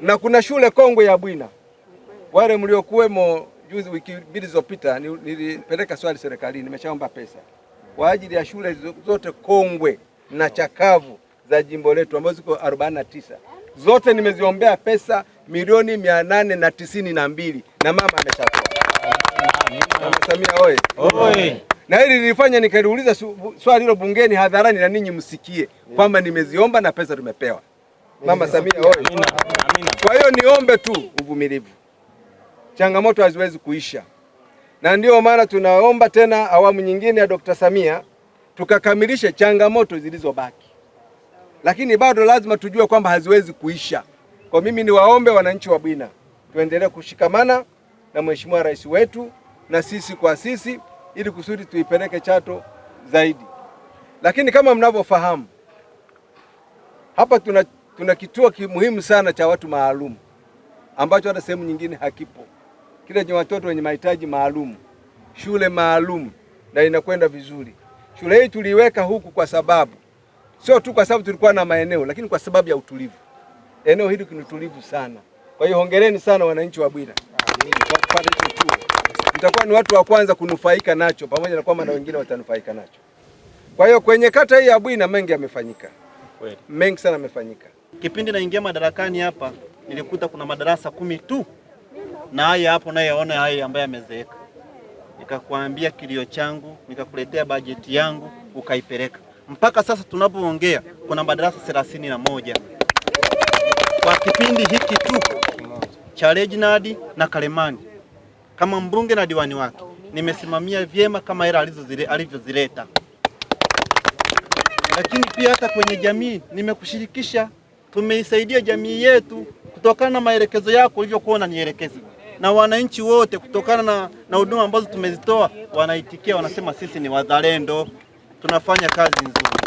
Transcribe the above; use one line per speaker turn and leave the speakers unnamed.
na kuna shule kongwe ya Bwina. Wale mliokuwemo juzi, wiki mbili zilizopita, nilipeleka swali serikalini, nimeshaomba pesa kwa ajili ya shule zote kongwe na chakavu za jimbo letu ambazo ziko 49 zote nimeziombea pesa milioni mia nane na tisini na mbili na mama ameshatoa. Mama Samia oye, oye! Na hili nilifanya nikaliuliza swali hilo bungeni hadharani, na ninyi msikie kwamba nimeziomba na pesa tumepewa. Mama Samia oye. Kwa hiyo niombe tu uvumilivu, changamoto haziwezi kuisha, na ndiyo maana tunaomba tena awamu nyingine ya Dr. Samia tukakamilishe changamoto zilizobaki, lakini bado lazima tujue kwamba haziwezi kuisha. Kwa mimi niwaombe wananchi wa Bwina tuendelee kushikamana na mheshimiwa rais wetu na sisi kwa sisi, ili kusudi tuipeleke Chato zaidi, lakini kama mnavyofahamu hapa tuna kuna kituo muhimu sana cha watu maalum ambacho hata sehemu nyingine hakipo, kile cha watoto wenye mahitaji maalum, shule maalum, na inakwenda vizuri. Shule hii tuliweka huku kwa sababu sio tu kwa sababu tulikuwa na maeneo, lakini kwa sababu ya utulivu. Eneo hili kuna utulivu sana. Kwa hiyo hongereni sana wananchi wa Bwira kwa kupata kituo, mtakuwa ni watu wa kwanza kunufaika nacho, pamoja na kwamba na wengine watanufaika nacho. Kwa hiyo kwenye kata hii ya Bwira mengi yamefanyika, mengi sana yamefanyika. Kipindi naingia madarakani hapa nilikuta kuna madarasa kumi tu, na haya hapo nayaona haya ambaye yamezeeka. Nikakwambia kilio changu, nikakuletea bajeti yangu ukaipeleka. Mpaka sasa tunapoongea kuna madarasa thelathini na moja kwa kipindi hiki tu cha Reginald na Kalemani. Kama mbunge na diwani wake nimesimamia vyema kama hela alivyozileta, lakini pia hata kwenye jamii nimekushirikisha tumeisaidia jamii yetu kutokana na maelekezo yako ulivyokuwa unanielekeza, na wananchi wote kutokana na huduma ambazo tumezitoa wanaitikia, wanasema sisi ni wazalendo, tunafanya kazi nzuri.